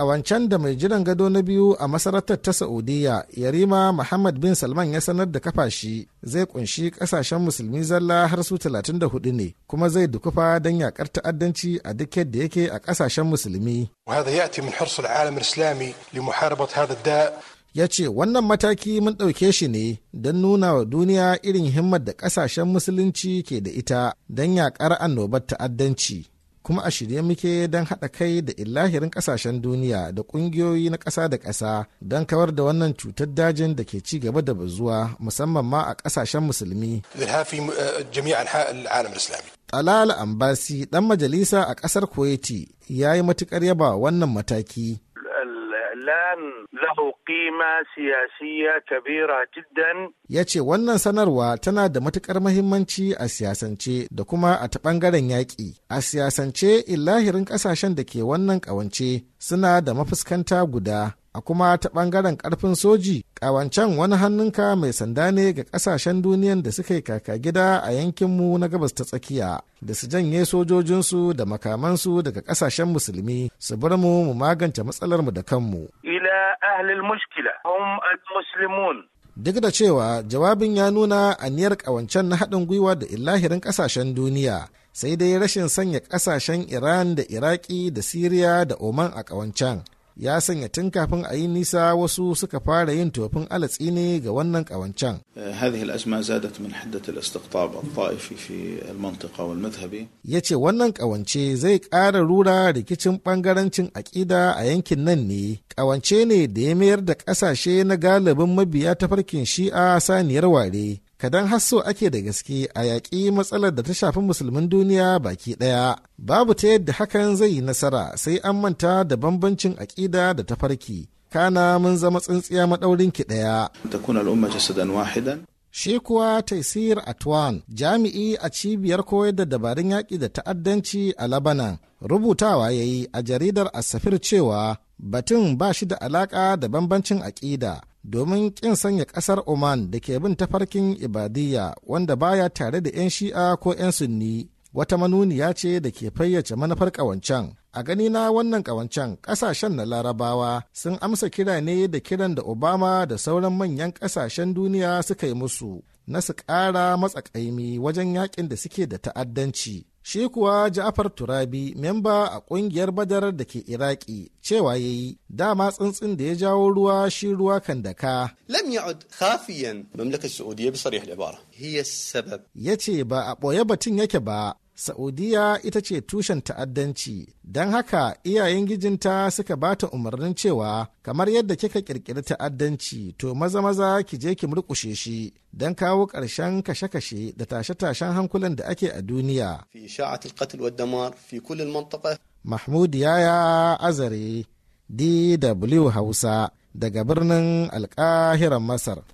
a wancan da mai jiran gado na biyu a masarautar ta Saudiya, Yarima Muhammad bin Salman ya sanar da kafashi zai kunshi kasashen musulmi zalla har su 34 ne, kuma zai dukufa don yakar ta'addanci a duk yadda yake a kasashen musulmi. ya ce wannan mataki mun ɗauke shi ne don nuna wa duniya irin himmar da ƙasashen musulunci ke da ita don yaƙar annobar ta'addanci. kuma a shirye muke don haɗa kai da illahirin ƙasashen duniya da ƙungiyoyi na ƙasa da ƙasa don kawar da wannan cutar dajin da ke ci gaba da bazuwa musamman ma a ƙasashen musulmi. Uh, Talal Ambasi ɗan majalisa a ƙasar Kuwaiti ya yi matuƙar yaba wannan mataki. قيمة سياسية كبيرة جدا ya ce wannan sanarwa tana da matukar mahimmanci a siyasance da kuma a ta bangaren yaƙi a siyasance illahirin ƙasashen da ke wannan ƙawance suna da mafuskanta guda a kuma ta bangaren ƙarfin soji ƙawancen wani hannunka mai sanda ne ga ƙasashen duniyan da suka yi kaka gida a yankinmu na gabas ta tsakiya da su janye sojojinsu da makamansu daga ƙasashen musulmi su bar mu mu magance matsalarmu da kanmu أهل المشكلة هم المسلمون duk da cewa jawabin ya nuna aniyar ƙawancen na haɗin gwiwa da illahirin ƙasashen duniya sai dai rashin sanya ƙasashen iran da iraki da siriya da oman a ƙawancen ya sanya tun kafin a yi nisa wasu suka fara yin tofin alatsi ne ga wannan kawancan. Eh, ya ce wannan ƙawance zai ƙara rura rikicin ɓangarancin aƙida a yankin nan ne. ƙawance ne da ya mayar da ƙasashe na galibin mabiya tafarkin shi'a saniyar ware. kadan hasso ake da gaske a yaƙi matsalar da ta shafi musulmin duniya baki ɗaya babu ta yadda hakan zai yi nasara sai an manta da bambancin aƙida da tafarki kana mun zama tsintsiya maɗaurin ki ɗaya. Shi kuwa Taisir Atwan jami'i a cibiyar koyar da dabarun yaƙi da ta'addanci a Labanan rubutawa ya yi a jaridar Asafir cewa batun ba shi da alaƙa da bambancin aƙida domin kin sanya kasar oman da ke bin tafarkin ibadiyya wanda baya tare da 'yan shi'a ko 'yan sunni wata manuniya ce da ke fayyace manufar ƙawancen a gani na wannan ƙawancen ƙasashen na larabawa sun amsa kira ne da kiran da obama da sauran manyan ƙasashen duniya suka yi musu na su ƙara matsakaimi wajen yakin da suke da ta'addanci shi kuwa ja'afar turabi memba a kungiyar badar da ke iraki cewa ya yi dama tsuntsun da ya jawo ruwa shi ruwa kan daka lam ya'ud khafiyan saudiya bi sarih hiya sabab yace ba a boye batun yake ba Saudiya ita ce tushen ta'addanci, don haka iyayen gijinta suka ba ta umarnin cewa kamar yadda kika kirkiri ta'addanci to maza maza ki je ki murkushe shi don kawo ƙarshen kashe-kashe da tashe-tashen hankulan da ake a duniya. Mahmud Yaya Azare, DW Hausa, daga birnin Alƙahiran Masar.